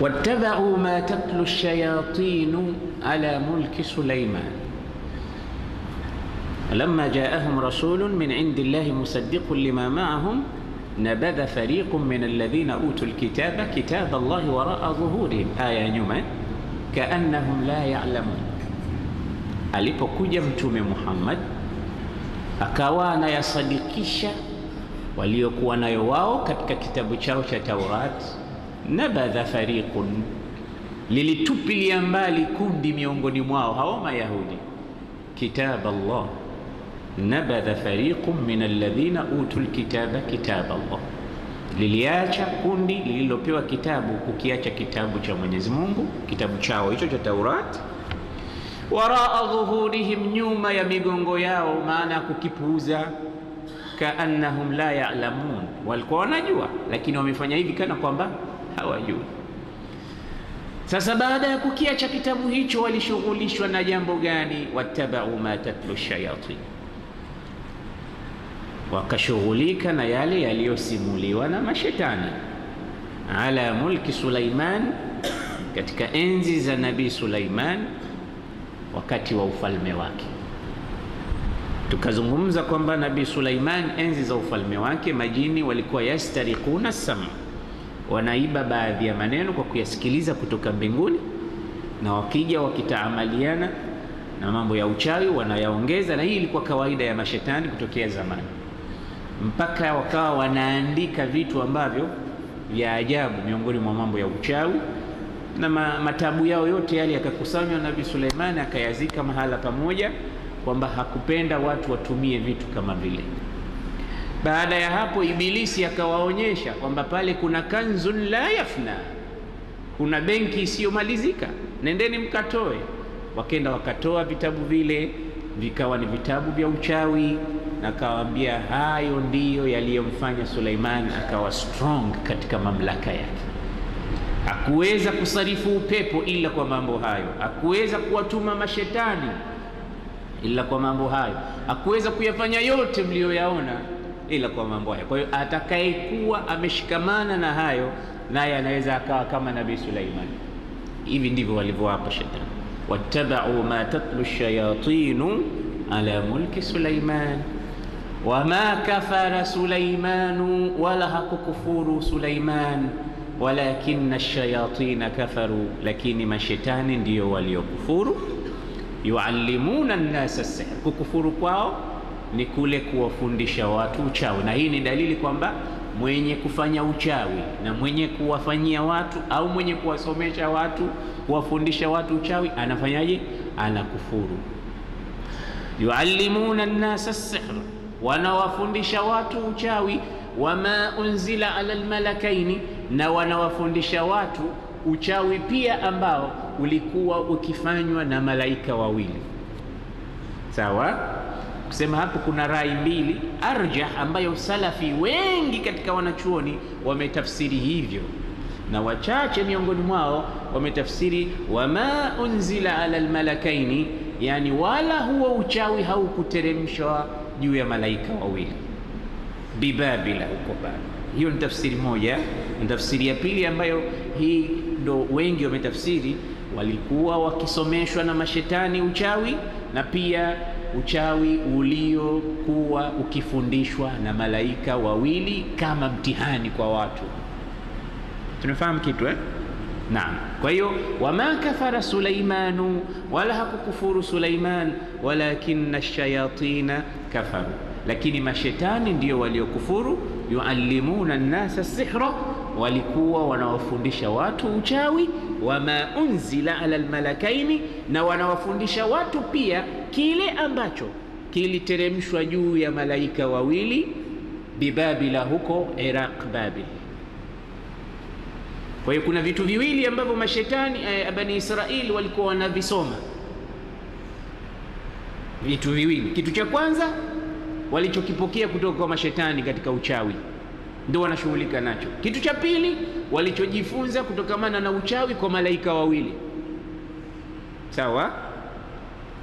واتبعوا ما تتلو الشياطين على ملك سليمان لما جاءهم رسول من عند الله مصدق لما معهم نبذ فريق من الذين أوتوا الكتاب كتاب الله وراء ظهورهم آية نيومان كأنهم لا يعلمون alipokuja mtume Muhammad محمد أكوانا waliokuwa وليكوانا يواو كتك كتاب chao cha Taurati nabadha fariqun, lilitupilia mbali kundi miongoni mwao hao Mayahudi kitab Allah, nabadha fariqun min alladhina utul kitaba kitab Allah, liliacha kundi lililopewa kitabu kukiacha kitabu cha Mwenyezi Mungu, kitabu chao hicho cha Taurat waraa dhuhurihim, nyuma ya migongo yao, maana ya kukipuuza. Kaannahum la ya'lamun, walikuwa wanajua, lakini wamefanya hivi kana kwamba hawajui. Sasa baada ya kukia cha kitabu hicho walishughulishwa na jambo gani? wattabau ma tatlu shayatin, wakashughulika na yale yaliyosimuliwa na mashetani ala mulki Sulaiman, katika enzi za Nabii Sulaiman wakati wa ufalme wake. Tukazungumza kwamba Nabii Sulaiman enzi za ufalme wake majini walikuwa yastariquna sama wanaiba baadhi ya maneno kwa kuyasikiliza kutoka mbinguni, na wakija wakitaamaliana na mambo ya uchawi wanayaongeza, na hii ilikuwa kawaida ya mashetani kutokea zamani, mpaka wakawa wanaandika vitu ambavyo vya ajabu miongoni mwa mambo ya uchawi na matabu yao yote yale yakakusanywa. Nabii Suleimani akayazika mahala pamoja, kwamba hakupenda watu watumie vitu kama vile baada ya hapo, Ibilisi akawaonyesha kwamba pale kuna kanzun la yafna, kuna benki isiyomalizika, nendeni mkatoe. Wakenda wakatoa vitabu vile, vikawa ni vitabu vya uchawi, na akawaambia hayo ndiyo yaliyomfanya Suleiman akawa strong katika mamlaka yake. Hakuweza kusarifu upepo ila kwa mambo hayo, hakuweza kuwatuma mashetani ila kwa mambo hayo, hakuweza kuyafanya yote mliyoyaona ila kwa mambo hayo. Kwa hiyo atakayekuwa ameshikamana na hayo, naye anaweza akawa kama Nabii Sulaiman. Hivi ndivyo walivyowapa shetani, wattabau ma tatlu shayatinu ala mulki Suleiman wama kafara Suleimanu, wala hakukufuru Suleiman walakina shayatina kafaru, lakini mashetani ndiyo waliokufuru. Yuallimuna nnasa sihr, kukufuru kwao ni kule kuwafundisha watu uchawi, na hii ni dalili kwamba mwenye kufanya uchawi na mwenye kuwafanyia watu au mwenye kuwasomesha watu kuwafundisha watu uchawi anafanyaje? Anakufuru. yuallimuna nnasa sihr, wanawafundisha watu uchawi. Wama unzila ala lmalakaini, na wanawafundisha watu uchawi pia ambao ulikuwa ukifanywa na malaika wawili. Sawa kusema hapo kuna rai mbili arjah, ambayo salafi wengi katika wanachuoni wametafsiri hivyo, na wachache miongoni mwao wametafsiri wama unzila ala almalakaini, yani wala huo uchawi haukuteremshwa juu ya malaika wawili bibabila huko bado. Hiyo ni tafsiri moja, na tafsiri ya pili ambayo hii ndo wengi wametafsiri, walikuwa wakisomeshwa na mashetani uchawi na pia uchawi uliokuwa ukifundishwa na malaika wawili kama mtihani kwa watu. Tunafahamu kitu eh? Naam. Kwa hiyo wama kafara Sulaimanu, wala hakukufuru Sulaiman, walakinna shayatina kafaru, lakini mashetani ndio waliokufuru. Yuallimuna nnasa sihra, walikuwa wanawafundisha watu uchawi. Wama unzila ala almalakaini, na wanawafundisha watu pia kile ambacho kiliteremshwa juu ya malaika wawili bibabila huko Iraq Babil. Kwa hiyo kuna vitu viwili ambavyo mashetani eh, Bani Israili walikuwa wanavisoma vitu viwili. Kitu cha kwanza walichokipokea kutoka kwa mashetani katika uchawi, ndio wanashughulika nacho. Kitu cha pili walichojifunza kutokamana na uchawi kwa malaika wawili, sawa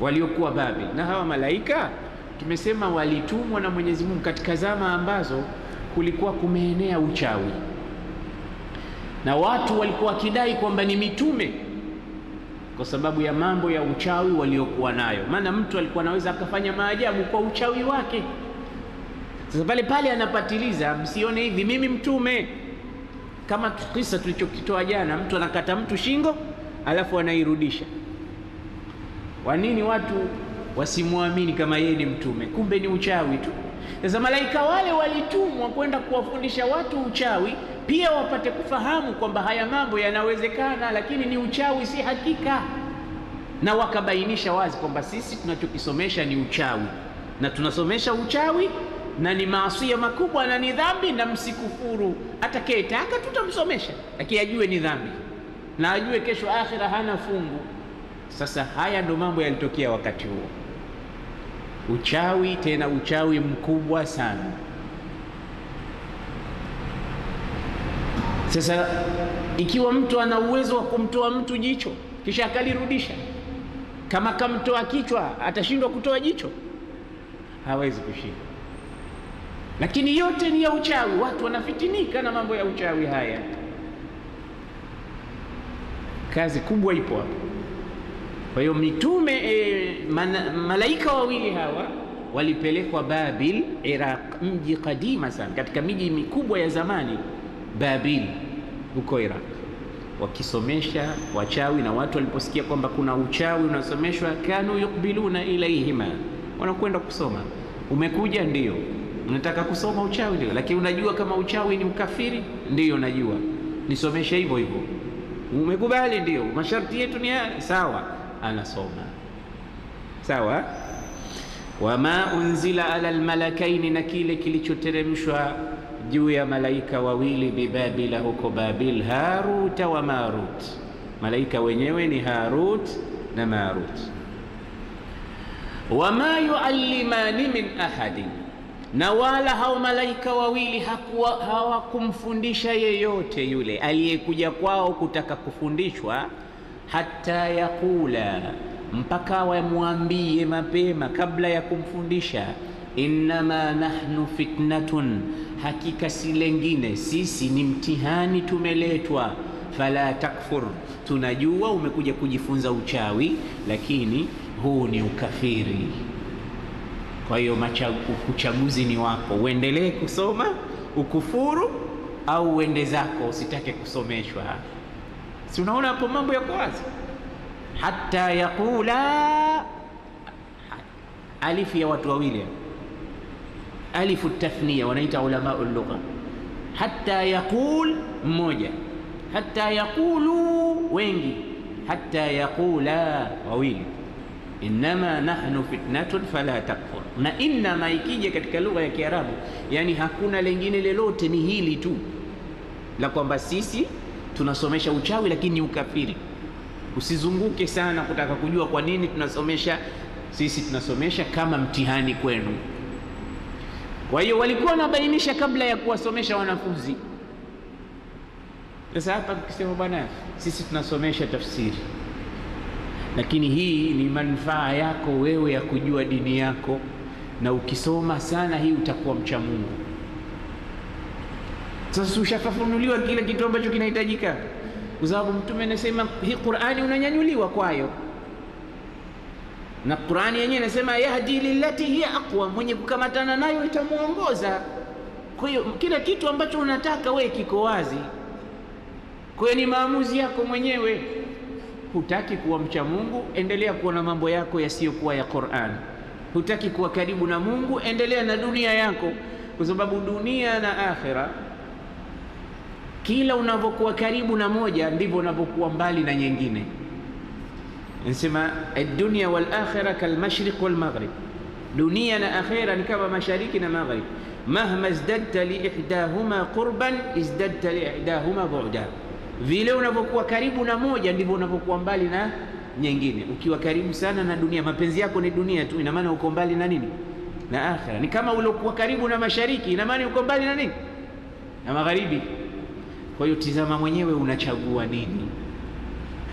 waliokuwa Babeli. Na hawa malaika tumesema walitumwa na Mwenyezi Mungu katika zama ambazo kulikuwa kumeenea uchawi na watu walikuwa wakidai kwamba ni mitume kwa sababu ya mambo ya uchawi waliokuwa nayo. Maana mtu alikuwa anaweza akafanya maajabu kwa uchawi wake. Sasa pale pale anapatiliza, msione hivi mimi mtume, kama kisa tulichokitoa jana, mtu anakata mtu shingo alafu anairudisha. Kwa nini watu wasimwamini kama yeye ni mtume? Kumbe ni uchawi tu. Sasa malaika wale walitumwa kwenda kuwafundisha watu uchawi, pia wapate kufahamu kwamba haya mambo yanawezekana, lakini ni uchawi, si hakika. Na wakabainisha wazi kwamba sisi tunachokisomesha ni uchawi, na tunasomesha uchawi na ni maasia makubwa na ni dhambi, na msikufuru. Atakayetaka tutamsomesha, lakini ajue ni dhambi na ajue kesho akhira hana fungu. Sasa haya ndo mambo yalitokea wakati huo, uchawi tena uchawi mkubwa sana. Sasa ikiwa mtu ana uwezo wa kumtoa mtu jicho kisha akalirudisha, kama kamtoa kichwa, atashindwa kutoa jicho? Hawezi kushinda. Lakini yote ni ya uchawi, watu wanafitinika na mambo ya uchawi haya. Kazi kubwa ipo hapo. Kwa hiyo mitume e, man, malaika wawili hawa walipelekwa Babil Iraq, mji kadima sana katika miji mikubwa ya zamani Babil huko Iraq, wakisomesha wachawi. Na watu waliposikia kwamba kuna uchawi unasomeshwa, kanu yukbiluna ilaihima, wanakwenda kusoma. Umekuja ndio, unataka kusoma uchawi? Ndio. Lakini unajua kama uchawi ni ukafiri? Ndiyo, najua. Nisomeshe hivyo hivyo. Umekubali? Ndio, masharti yetu ni haya. Sawa anasoma sawa. Wama unzila ala almalakaini, na kile kilichoteremshwa juu ya malaika wawili bibabila, huko Babil, Haruta wa Marut. Malaika wenyewe ni Harut na Marut. Wama yuallimani min ahadin, na wala hao malaika wawili hawakumfundisha yeyote yule aliyekuja kwao kutaka kufundishwa hatta yaqula, mpaka wamwambie mapema kabla ya kumfundisha, innama nahnu fitnatun, hakika si lengine sisi ni mtihani tumeletwa. Fala takfur, tunajua umekuja kujifunza uchawi, lakini huu ni ukafiri. Kwa hiyo uchaguzi ni wako, uendelee kusoma ukufuru au uende zako, usitake kusomeshwa. Si unaona hapo mambo yako wazi. Hatta yaqula, alifu ya watu wawili, alifu tathnia, wanaita ulamau lugha. Hatta yaqul, mmoja. Hatta yaqulu, wengi. Hatta yaqula, wawili. Innama nahnu fitnatun fala takfur. Na innama ikija katika lugha ya Kiarabu, yani hakuna lengine lolote, ni hili tu la kwamba sisi tunasomesha uchawi lakini ni ukafiri. Usizunguke sana kutaka kujua kwa nini tunasomesha. Sisi tunasomesha kama mtihani kwenu. Kwa hiyo walikuwa wanabainisha kabla ya kuwasomesha wanafunzi. Sasa hapa tukisema bwana, sisi tunasomesha tafsiri, lakini hii ni manufaa yako wewe ya kujua dini yako, na ukisoma sana hii utakuwa mcha Mungu. Sasa ushafafunuliwa kile kitu ambacho kinahitajika, kwa sababu Mtume anasema hii Qur'ani unanyanyuliwa kwayo, na Qur'ani yenyewe inasema yahdi lillati hiya aqwa, mwenye kukamatana nayo itamuongoza. Kwa hiyo kila kitu ambacho unataka we kiko wazi, kwa hiyo ni maamuzi yako mwenyewe. Hutaki kuwa mcha Mungu, endelea kuona mambo yako yasiyokuwa ya Qur'an. Hutaki kuwa karibu na Mungu, endelea na dunia yako, kwa sababu dunia na akhira kila unavyokuwa karibu na moja ndivyo unavyokuwa mbali na nyingine. Nasema ad wal akhirah kal mashriq wal maghrib, dunia na akhira ni kama mashariki na maghrib. Mahma izdadta li ihdahuma qurban izdadta li ihdahuma bu'da, vile unavyokuwa karibu na moja ndivyo unavyokuwa mbali na nyingine. Ukiwa karibu sana na dunia, mapenzi yako ni dunia tu, ina maana uko mbali na nini? Na akhira. Ni kama uliokuwa karibu na mashariki, ina maana uko mbali na nini? Na magharibi. Kwa hiyo tizama mwenyewe unachagua nini.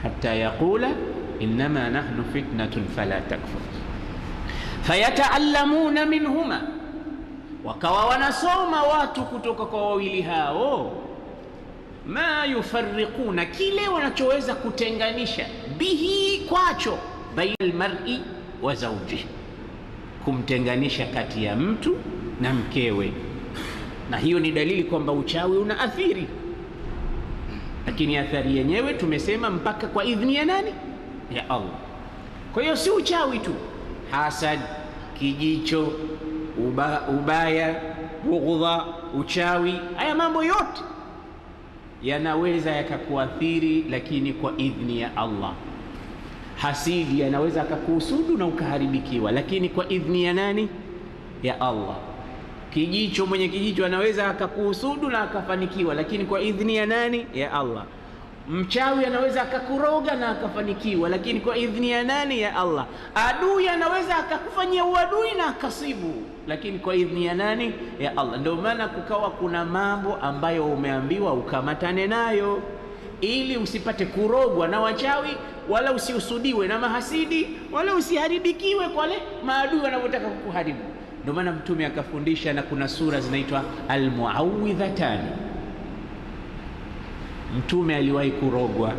Hatta yaqula innama nahnu fitnatun fala takfur fayataallamuna minhuma, wakawa wanasoma watu kutoka kwa wawili hao ma yufarriquna, kile wanachoweza kutenganisha bihi, kwacho baina almar'i wa zawji, kumtenganisha kati ya mtu na mkewe. Na hiyo ni dalili kwamba uchawi una athiri lakini athari yenyewe tumesema mpaka kwa idhini ya nani? Ya Allah. Kwa hiyo si uchawi tu, hasad, kijicho, uba, ubaya, bughdha, uchawi, haya mambo yote yanaweza yakakuathiri, lakini kwa idhini ya Allah. Hasidi yanaweza akakuhusudu na ukaharibikiwa, lakini kwa idhini ya nani? Ya Allah. Kijicho, mwenye kijicho anaweza akakuhusudu na akafanikiwa, lakini kwa idhini ya nani? Ya Allah. Mchawi anaweza akakuroga na akafanikiwa, lakini kwa idhini ya nani? Ya Allah. Adui anaweza akakufanyia uadui na akasibu, lakini kwa idhini ya nani? Ya Allah. Ndio maana kukawa kuna mambo ambayo umeambiwa ukamatane nayo ili usipate kurogwa na wachawi wala usiusudiwe na mahasidi wala usiharibikiwe kwa wale maadui wanavyotaka kukuharibu. Ndio maana Mtume akafundisha, na kuna sura zinaitwa almuawidhatani. Mtume aliwahi kurogwa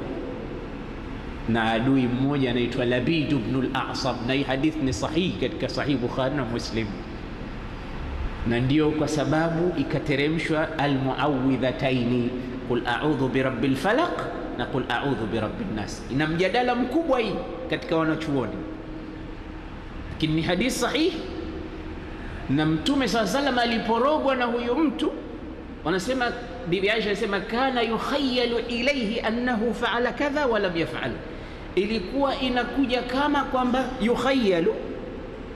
na adui mmoja anaitwa Labid bnu lasab na hii hadithi ni sahihi katika sahihi Bukhari na Muslim, na ndiyo kwa sababu ikateremshwa almuawidhataini, qul a'udhu birabi lfalaq na qul a'udhu birabi nas. Ina mjadala mkubwa hii katika wanachuoni, lakini ni hadithi sahihi na Mtume saa salam aliporogwa na huyu mtu, wanasema Bibi Aisha anasema kana yukhayalu ilaihi annahu faala kadha wa lam yafal, ilikuwa inakuja kama kwamba yukhayalu,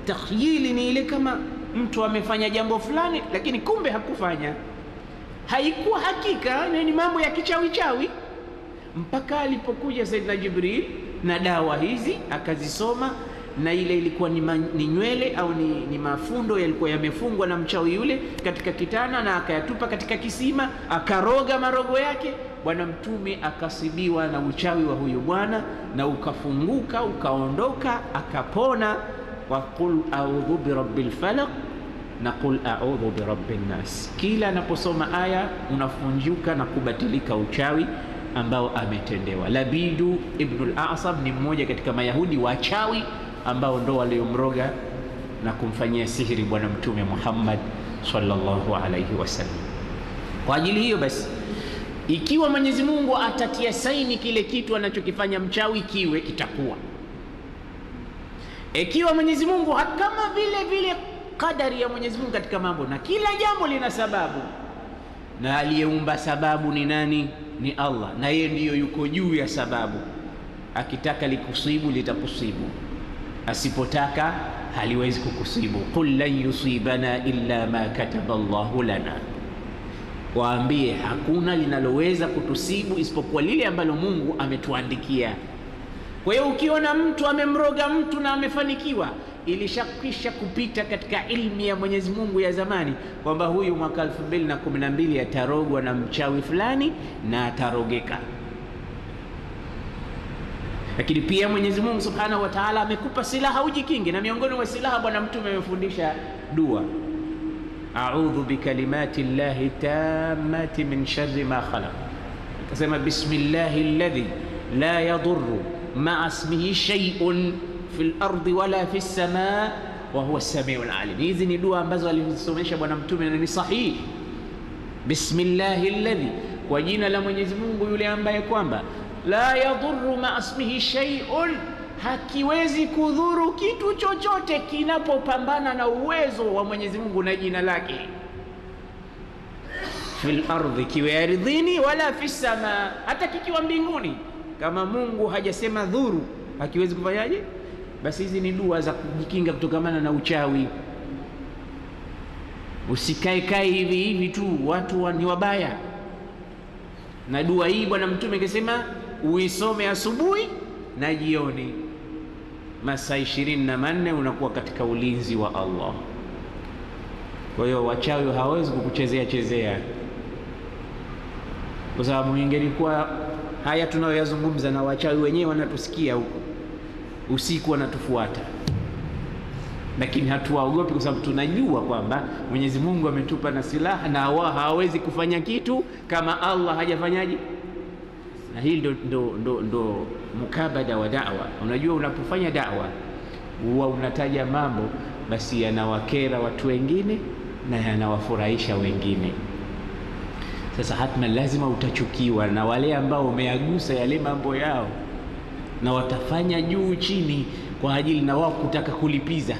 takhyili ni ile kama mtu amefanya jambo fulani, lakini kumbe hakufanya, haikuwa hakika, ni mambo ya kichawichawi, mpaka alipokuja saidna Jibril na dawa hizi akazisoma na ile ilikuwa ni, man, ni nywele au ni, ni mafundo yalikuwa yamefungwa na mchawi yule katika kitana, na akayatupa katika kisima, akaroga marogo yake. Bwana Mtume akasibiwa na uchawi wa huyo bwana, na ukafunguka ukaondoka, akapona. wa qul a'udhu birabbil falaq na qul a'udhu birabbin nas, kila anaposoma aya unafunjuka na kubatilika uchawi ambao ametendewa. Labidu ibnul Asam ni mmoja katika Mayahudi wachawi ambao ndo waliomroga na kumfanyia sihiri Bwana Mtume Muhammad sallallahu alaihi wasallam. Kwa ajili hiyo basi, ikiwa Mwenyezi Mungu atatia saini kile kitu anachokifanya mchawi kiwe kitakuwa, ikiwa Mwenyezi Mungu kama vile vile kadari ya Mwenyezi Mungu katika mambo, na kila jambo lina sababu, na aliyeumba sababu ni nani? Ni Allah, na yeye ndiyo yuko juu ya sababu, akitaka likusibu litakusibu asipotaka haliwezi kukusibu. Qul lan yusibana illa ma kataba Allahu lana, waambie hakuna linaloweza kutusibu isipokuwa lile ambalo Mungu ametuandikia. Kwa hiyo ukiona mtu amemroga mtu na amefanikiwa, ilishakwisha kupita katika ilmu ya Mwenyezi Mungu ya zamani kwamba huyu mwaka 2012 atarogwa na mchawi fulani na atarogeka. lakini pia Mwenyezi Mungu Subhanahu wa Ta'ala amekupa silaha ujikinge na miongoni mwa silaha Bwana Mtume amefundisha dua, a'udhu bi kalimati llahi tammati min sharri ma khalaq, akasema bismillahi alladhi la yadurru ma asmihi shay'un fil ardi wala fis samaa wa huwa as-sami'ul alim. Hizi ni dua ambazo alizisomesha Bwana Mtume na ni sahihi. Bismillahi alladhi, kwa jina la Mwenyezi Mungu yule ambaye kwamba la yadhuru ma asmihi shay'un, hakiwezi kudhuru kitu chochote kinapopambana na uwezo wa Mwenyezi Mungu na jina lake. Fil ardhi, kiwe ardhini, wala fi sama, hata kikiwa mbinguni, kama Mungu hajasema dhuru, hakiwezi kufanyaje? Basi hizi ni dua za kujikinga kutokamana na uchawi. Usikae hivi hivi tu, watu ni wabaya. Na dua hii Bwana Mtume akisema uisome asubuhi na jioni, masaa ishirini na manne unakuwa katika ulinzi wa Allah. Kwa hiyo wachawi hawawezi kukuchezea chezea, kwa sababu ingelikuwa haya tunayoyazungumza na wachawi wenyewe wanatusikia huko usiku, wanatufuata lakini hatuwaogopi kwa sababu tunajua kwamba Mwenyezi Mungu ametupa na silaha na hawawezi kufanya kitu kama Allah hajafanyaje na hii ndo, ndo, ndo, ndo mukabada wa dawa. Unajua, unapofanya dawa huwa unataja mambo basi yanawakera watu wengine na yanawafurahisha wengine. Sasa hatma, lazima utachukiwa na wale ambao umeagusa yale mambo yao, na watafanya juu chini kwa ajili na wao kutaka kulipiza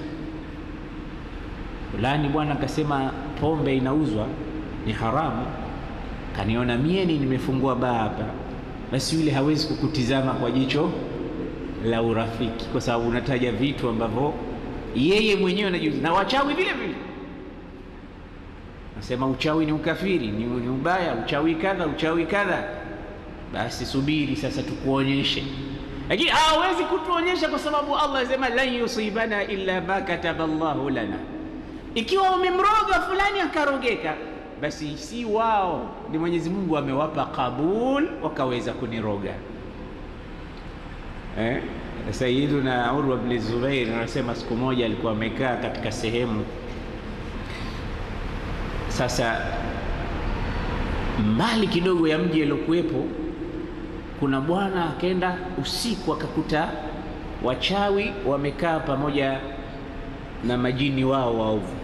fulani. Bwana akasema pombe inauzwa ni haramu, kaniona mieni nimefungua baa hapa basi yule hawezi kukutizama kwa jicho la urafiki, kwa sababu unataja vitu ambavyo yeye mwenyewe anajua. na wachawi vile vile nasema uchawi ni ukafiri, ni, ni ubaya, uchawi kadha, uchawi kadha. Basi subiri sasa tukuonyeshe, lakini hawezi kutuonyesha kwa sababu Allah asema lan yusibana illa ma kataba Allahu lana. Ikiwa umemroga fulani akarogeka basi si wao, ni Mwenyezi Mungu amewapa kabul, wakaweza kuniroga eh? Sayyiduna Urwa bin Zubair anasema siku moja alikuwa amekaa katika sehemu. Sasa mbali kidogo ya mji aliokuwepo, kuna bwana akaenda usiku akakuta wachawi wamekaa pamoja na majini wao waovu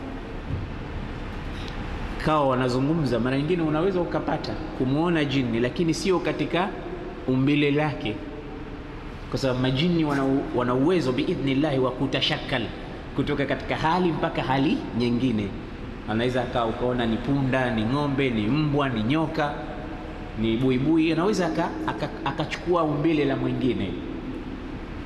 ikawa wanazungumza. Mara nyingine unaweza ukapata kumwona jini, lakini sio katika umbile lake, kwa sababu majini wana uwezo biidhnillahi wa kutashakal kutoka katika hali mpaka hali nyingine. Anaweza akawa ukaona ni punda, ni ng'ombe, ni mbwa, ni nyoka, ni buibui, anaweza akachukua aka, aka umbile la mwingine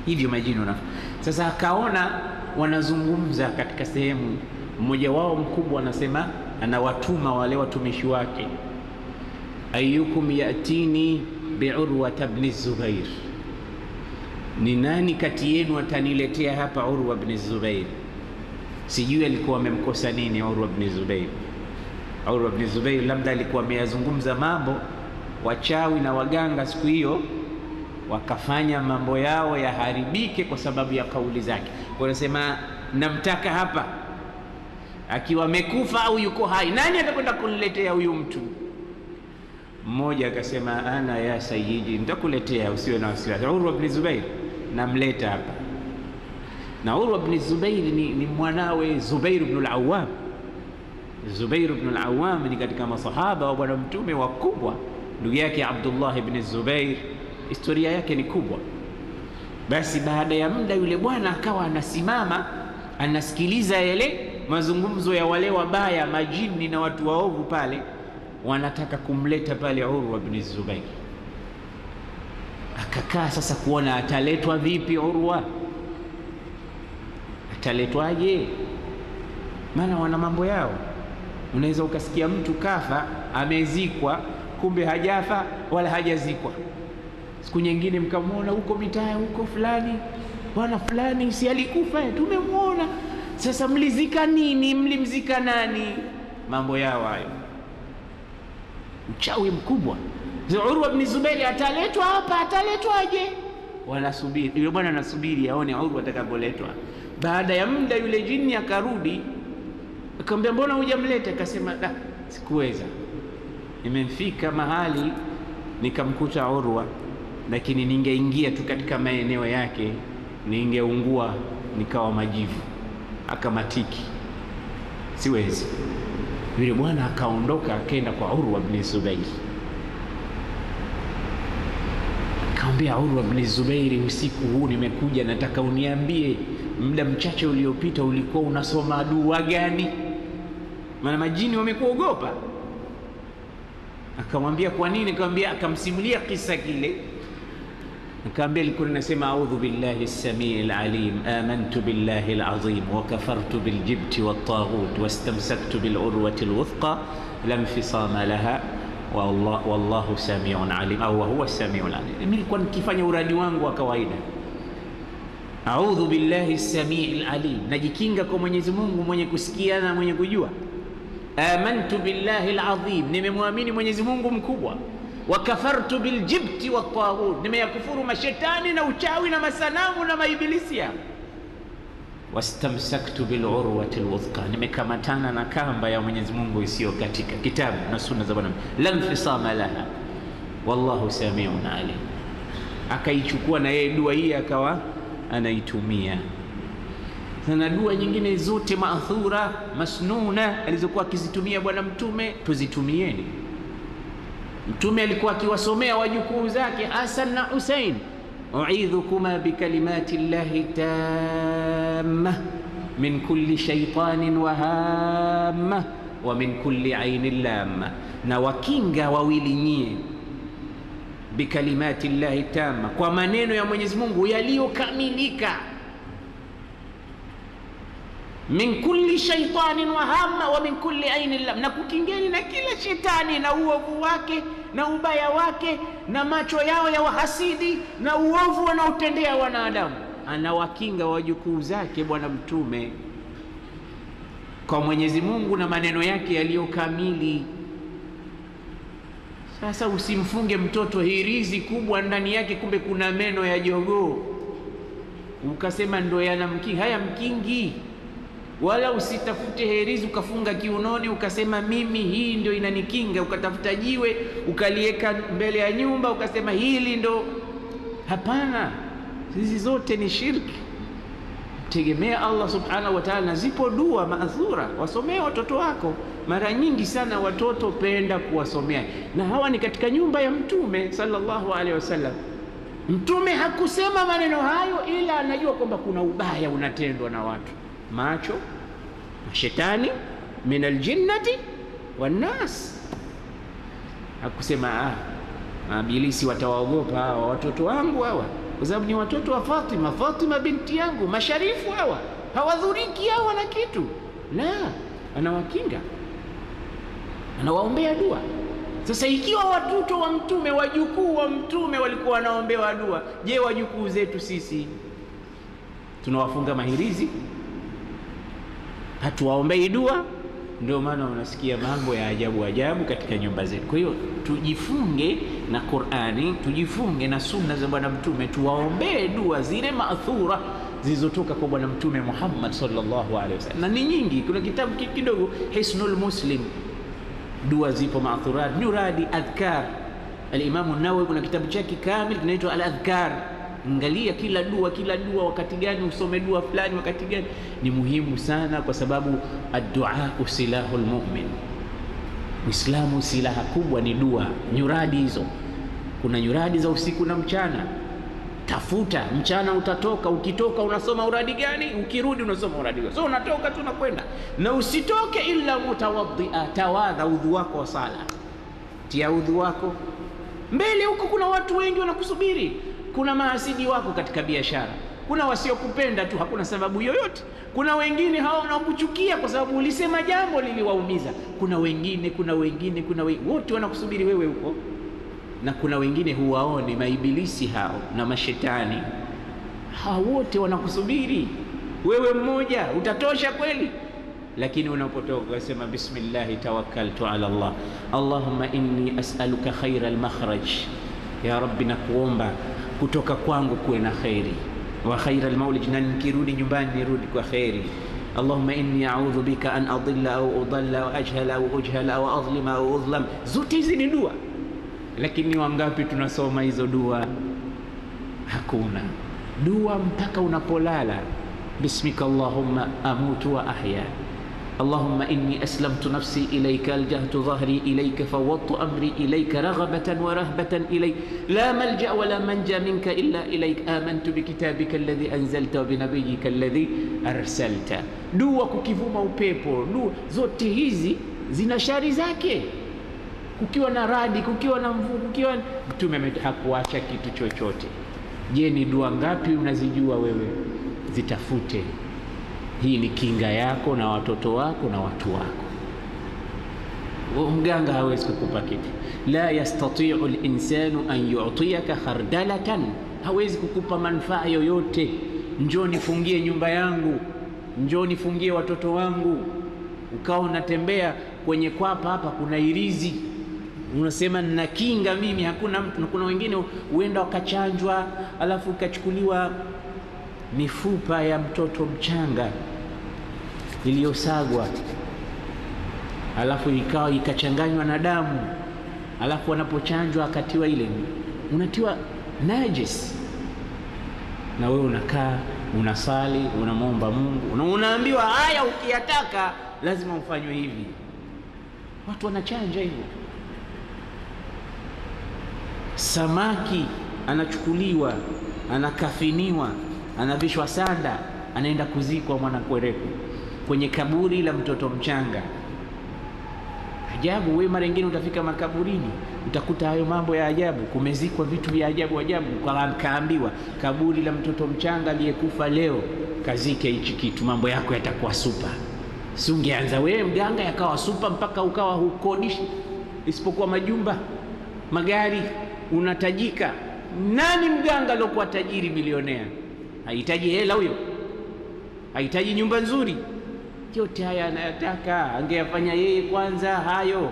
hivyo majini una. Sasa akaona wanazungumza katika sehemu, mmoja wao mkubwa anasema anawatuma wale watumishi wake, ayukum yatini biurwata bni Zubair, ni nani kati yenu ataniletea hapa Urwa bni Zubair? Sijui alikuwa amemkosa nini Urwa bni Zubair. Urwa bni Zubair labda alikuwa ameyazungumza mambo, wachawi na waganga siku hiyo wakafanya mambo yao yaharibike kwa sababu ya kauli zake. nasema namtaka hapa akiwa amekufa au yuko hai, nani atakwenda kuniletea huyu mtu? Mmoja akasema ana ya sayyidi, nitakuletea usiwe na wasiwasi. Urwa bin Zubair namleta hapa, na Urwa bin Zubair ni, ni mwanawe Zubair bin al-Awwam. Zubair bin al-Awwam ni katika masahaba wa bwana mtume wakubwa, ndugu yake Abdullah bin Zubair, historia yake ni kubwa. Basi baada ya muda yule bwana akawa anasimama anasikiliza yale mazungumzo ya wale wabaya majini na watu waovu pale, wanataka kumleta pale Urwa bin Zubair. Akakaa sasa kuona ataletwa vipi Urwa, ataletwaje? Maana wana mambo yao. Unaweza ukasikia mtu kafa, amezikwa, kumbe hajafa wala hajazikwa. Siku nyingine mkamwona huko mitaa huko, fulani bwana fulani, si alikufa, tumemwona sasa mlizika nini? Mlimzika nani? Mambo yao hayo, uchawi mkubwa. Urwa bni zubeli ataletwa hapa, ataletwaje? Wanasubiri, yule bwana anasubiri aone Urwa atakapoletwa. Baada ya muda, yule jini akarudi, akamwambia mbona hujamleta? Akasema da, sikuweza, nimefika mahali nikamkuta Urwa, lakini ningeingia tu katika maeneo yake ningeungua nikawa majivu akamatiki, siwezi. Yule bwana akaondoka akaenda kwa Urwa bni Zubairi, akamwambia Urwa bni Zubairi, usiku huu nimekuja, nataka uniambie muda mchache uliopita ulikuwa unasoma dua gani? Maana majini wamekuogopa. Akamwambia kwa nini? Akamwambia, akamsimulia kisa kile كامل كنا سمع أعوذ بالله السميع العليم آمنت بالله العظيم وكفرت بالجبت والطاغوت واستمسكت بالعروة الوثقى لم فصام لها والله, والله سميع عليم أو هو السميع العليم من كون كيف يوراني وانغ وكوائنا أعوذ بالله السميع العليم نجيكينغا كم ونزمونغ ونكو سكيانا ونكو جوا آمنت بالله العظيم نمي مؤمني ونزمونغ مكوبا wakafartu biljibti wataghut, nimeyakufuru mashetani na uchawi na masanamu na maibilisia. Wastamsaktu bilurwati lwuthqa, nimekamatana na kamba ya Mwenyezi Mungu katika kitabu na sunna za Bwana, la nfisama laha wallahu samiun alim. Akaichukua na yeye dua hii akawa anaitumia na dua nyingine zote maathura masnuna alizokuwa akizitumia Bwana Mtume, tuzitumieni. Mtume alikuwa akiwasomea wajukuu zake Hasan na Husein, uidhukuma bikalimati llahi tamma min kulli shaitanin wahamma wa min kulli ainin lamma, na wakinga wawili nyie bikalimati llahi tamma, kwa maneno ya Mwenyezi Mungu yaliyokamilika, min kulli shaitanin wahamma wa min kulli ainin lamma, na kukingeni na kila shetani na uovu wake na ubaya wake na macho yao ya wahasidi na uovu wanaotendea wanadamu, anawakinga wajukuu zake Bwana Mtume kwa Mwenyezi Mungu na maneno yake yaliyo kamili. Sasa usimfunge mtoto hirizi kubwa ndani yake, kumbe kuna meno ya jogoo, ukasema ndo mkingi Haya mkingi wala usitafute herizi ukafunga kiunoni ukasema mimi hii ndio inanikinga, ukatafuta jiwe ukalieka mbele ya nyumba ukasema hili ndo. Hapana, hizi zote ni shirki. Tegemea Allah subhanahu wa ta'ala, na zipo dua maadhura, wasomee watoto wako. Mara nyingi sana watoto penda kuwasomea, na hawa ni katika nyumba ya Mtume sallallahu alaihi wasallam. Mtume hakusema maneno hayo, ila anajua kwamba kuna ubaya unatendwa na watu macho na shetani, min aljinnati wannas. akusema ah, mabilisi watawaogopa hawa watoto wangu hawa, kwa sababu ni watoto wa Fatima, Fatima binti yangu, masharifu hawa, hawadhuriki hawa na kitu. La, anawakinga, anawaombea dua. Sasa ikiwa watoto wa Mtume, wajukuu wa Mtume walikuwa wanaombewa dua, je, wajukuu zetu sisi tunawafunga mahirizi? hatuwaombei dua. Ndio maana unasikia mambo ya ajabu ajabu katika nyumba zetu. Kwa hiyo tujifunge na Qur'ani, tujifunge na sunna za Bwana Mtume, tuwaombee dua zile maathura zilizotoka kwa Bwana Mtume Muhammad sallallahu alaihi wasallam, na ni nyingi. Kuna kitabu kidogo Hisnul Muslim, dua zipo maathurat, nyuradi adhkar. Alimamu Nawawi kuna kitabu chake kamil kinaitwa Al Adhkar. Angalia kila dua, kila dua wakati gani usome dua fulani, wakati gani ni muhimu sana, kwa sababu addua silahu lmumin, uislamu silaha kubwa ni dua. Nyuradi hizo, kuna nyuradi za usiku na mchana. Tafuta mchana, utatoka. Ukitoka unasoma uradi gani? Ukirudi unasoma uradi gani? So unatoka tu unakwenda, na usitoke ila mutawaddia, tawadha udhu wako wa sala, tia udhu wako mbele huko, kuna watu wengi wanakusubiri. Kuna mahasidi wako katika biashara, kuna wasiokupenda tu, hakuna sababu yoyote. Kuna wengine hao wanakuchukia kwa sababu ulisema jambo liliwaumiza. Kuna wengine, kuna wengine, kuna wengine, wote wanakusubiri wewe huko, na kuna wengine huwaone maibilisi hao na mashetani hao, wote wanakusubiri wewe mmoja. Utatosha kweli? Lakini unapotoka unasema bismillahi tawakkaltu ala Allah allahumma inni as'aluka khaira almakhraj, ya rabbi, nakuomba kutoka kwangu kuwe na kheri wa khaira lmaulij, na nikirudi nyumbani nirudi kwa kheri. Allahumma inni a'udhu bika an adilla au udalla au ajhala au ujhala au adhlima au udhlam. Zote hizi ni dua, lakini wangapi tunasoma hizo dua? Hakuna dua mpaka unapolala. Bismika Allahumma amutu wa ahya اللهم إني أسلمت نفسي إليك ألجأت ظهري إليك فوضت أمري إليك رغبة ورهبة إليك لا ملجأ ولا منجى منك إلا إليك آمنت بكتابك الذي أنزلت وبنبيك الذhi arsalta. Dua kukivuma upepo, dua zote hizi zina shari zake, kukiwa na radi, kukiwa na mvua, kukiwa Mtume hakuacha kitu chochote. Je, ni dua ngapi unazijua wewe? Zitafute. Hii ni kinga yako na watoto wako na watu wako. Mganga hawezi kukupa kitu. La yastatiu linsanu an yutiyaka khardalatan, hawezi kukupa manufaa yoyote. Njoo nifungie nyumba yangu, njoo nifungie watoto wangu, ukawa unatembea kwenye kwapa hapa, kuna irizi unasema nina kinga mimi, hakuna mtu. Kuna wengine huenda wakachanjwa, alafu ikachukuliwa mifupa ya mtoto mchanga iliyosagwa, alafu ikawa ikachanganywa na damu, alafu wanapochanjwa akatiwa ile, unatiwa najis, na wewe unakaa unasali, unamwomba Mungu, unaambiwa haya, ukiyataka lazima ufanywe hivi. Watu wanachanja hivyo. Samaki anachukuliwa, anakafiniwa, anavishwa sanda, anaenda kuzikwa Mwanakwerekwe kwenye kaburi la mtoto mchanga. Ajabu, wewe mara nyingine utafika makaburini utakuta hayo mambo ya ajabu, kumezikwa vitu vya ajabu ajabu. Kaambiwa kaburi la mtoto mchanga aliyekufa leo, kazike hichi kitu, mambo yako yatakuwa supa. Si ungeanza wewe mganga, yakawa supa mpaka ukawa hukodishi isipokuwa majumba, magari, unatajika. Nani mganga aliokuwa tajiri bilionea? Hahitaji hela huyo, hahitaji nyumba nzuri yote haya anayotaka angeyafanya yeye kwanza hayo,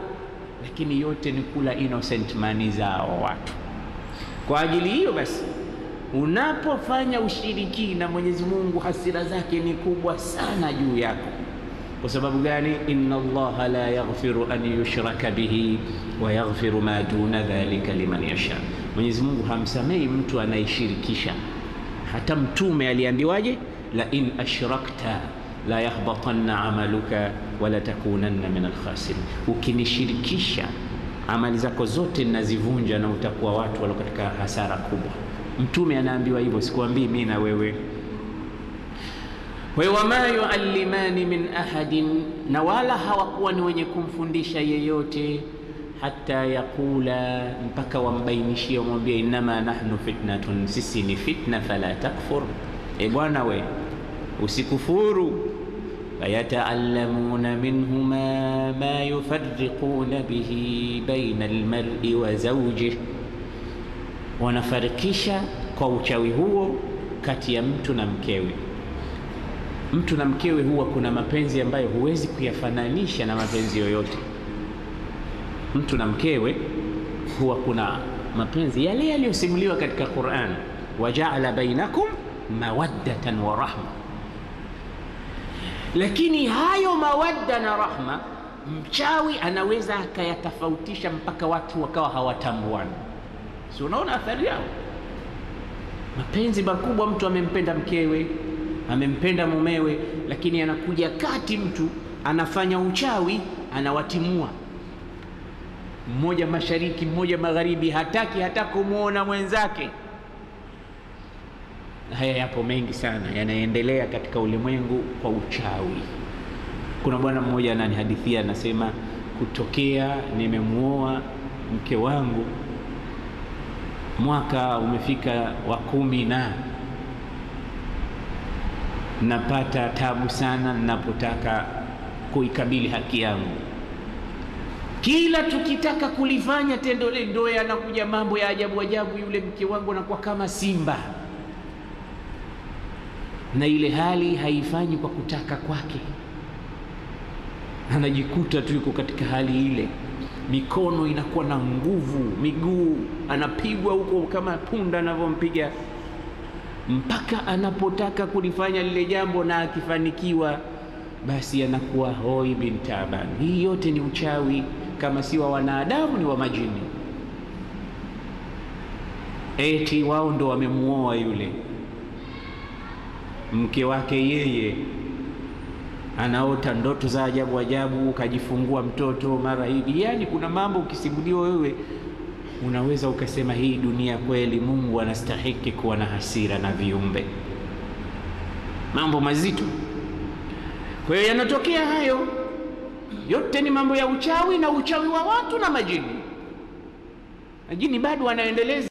lakini yote ni kula innocent mani zao watu. Kwa ajili hiyo basi, unapofanya ushirikina, Mwenyezi Mungu hasira zake ni kubwa sana juu yako. Kwa sababu gani? inna Allaha la yaghfiru an yushraka bihi wa yaghfiru ma duna dhalika liman yasha, Mwenyezi Mungu hamsamehi mtu anayeshirikisha. Hata mtume aliambiwaje? la in ashrakta la yahbatanna amaluka wala takunanna min alkhasirin, ukinishirikisha amali zako zote ninazivunja na utakuwa watu walio katika hasara kubwa. Mtume anaambiwa hivyo, sikuambii mimi na wewe. Wama yuallimani min ahadin, na wala hawakuwa ni wenye kumfundisha yeyote hata yakula, mpaka wambainishie, wamwambie innama nahnu fitnatun, sisi ni fitna, fala takfur, e bwana we usikufuru فيتعلمون منهما ما يفرقون به بين المرء wa zawjih, wanafarikisha kwa uchawi huo kati ya mtu na mkewe. Mtu na mkewe huwa kuna mapenzi ambayo huwezi kuyafananisha na mapenzi yoyote. Mtu na mkewe huwa kuna mapenzi yale yaliyosimuliwa katika Qur'an, wajaala bainakum mawaddatan wa rahma lakini hayo mawadda na rahma, mchawi anaweza akayatofautisha mpaka watu wakawa hawatambuani. Si unaona athari yao? Mapenzi makubwa, mtu amempenda mkewe, amempenda mumewe, lakini anakuja kati mtu anafanya uchawi, anawatimua mmoja mashariki, mmoja magharibi, hataki hata kumwona mwenzake haya yapo mengi sana yanaendelea katika ulimwengu kwa uchawi. Kuna bwana mmoja ananihadithia, anasema kutokea nimemwoa mke wangu, mwaka umefika wa kumi na napata tabu sana ninapotaka kuikabili haki yangu. Kila tukitaka kulifanya tendo lile, ndo anakuja mambo ya ajabu ajabu. Yule mke wangu anakuwa kama simba na ile hali haifanyi kwa kutaka kwake, anajikuta tu yuko katika hali ile, mikono inakuwa na nguvu, miguu anapigwa huko kama punda anavyompiga, mpaka anapotaka kulifanya lile jambo na akifanikiwa, basi anakuwa hoi bin taban. Hii yote ni uchawi, kama si wa wanadamu ni wa majini, eti wao ndo wamemuoa yule mke wake yeye anaota ndoto za ajabu ajabu, kajifungua mtoto mara hivi. Yani kuna mambo ukisimuliwa wewe unaweza ukasema hii dunia kweli, Mungu anastahiki kuwa na hasira na viumbe, mambo mazito. Kwa hiyo yanatokea hayo yote, ni mambo ya uchawi na uchawi wa watu na majini. Majini bado wanaendeleza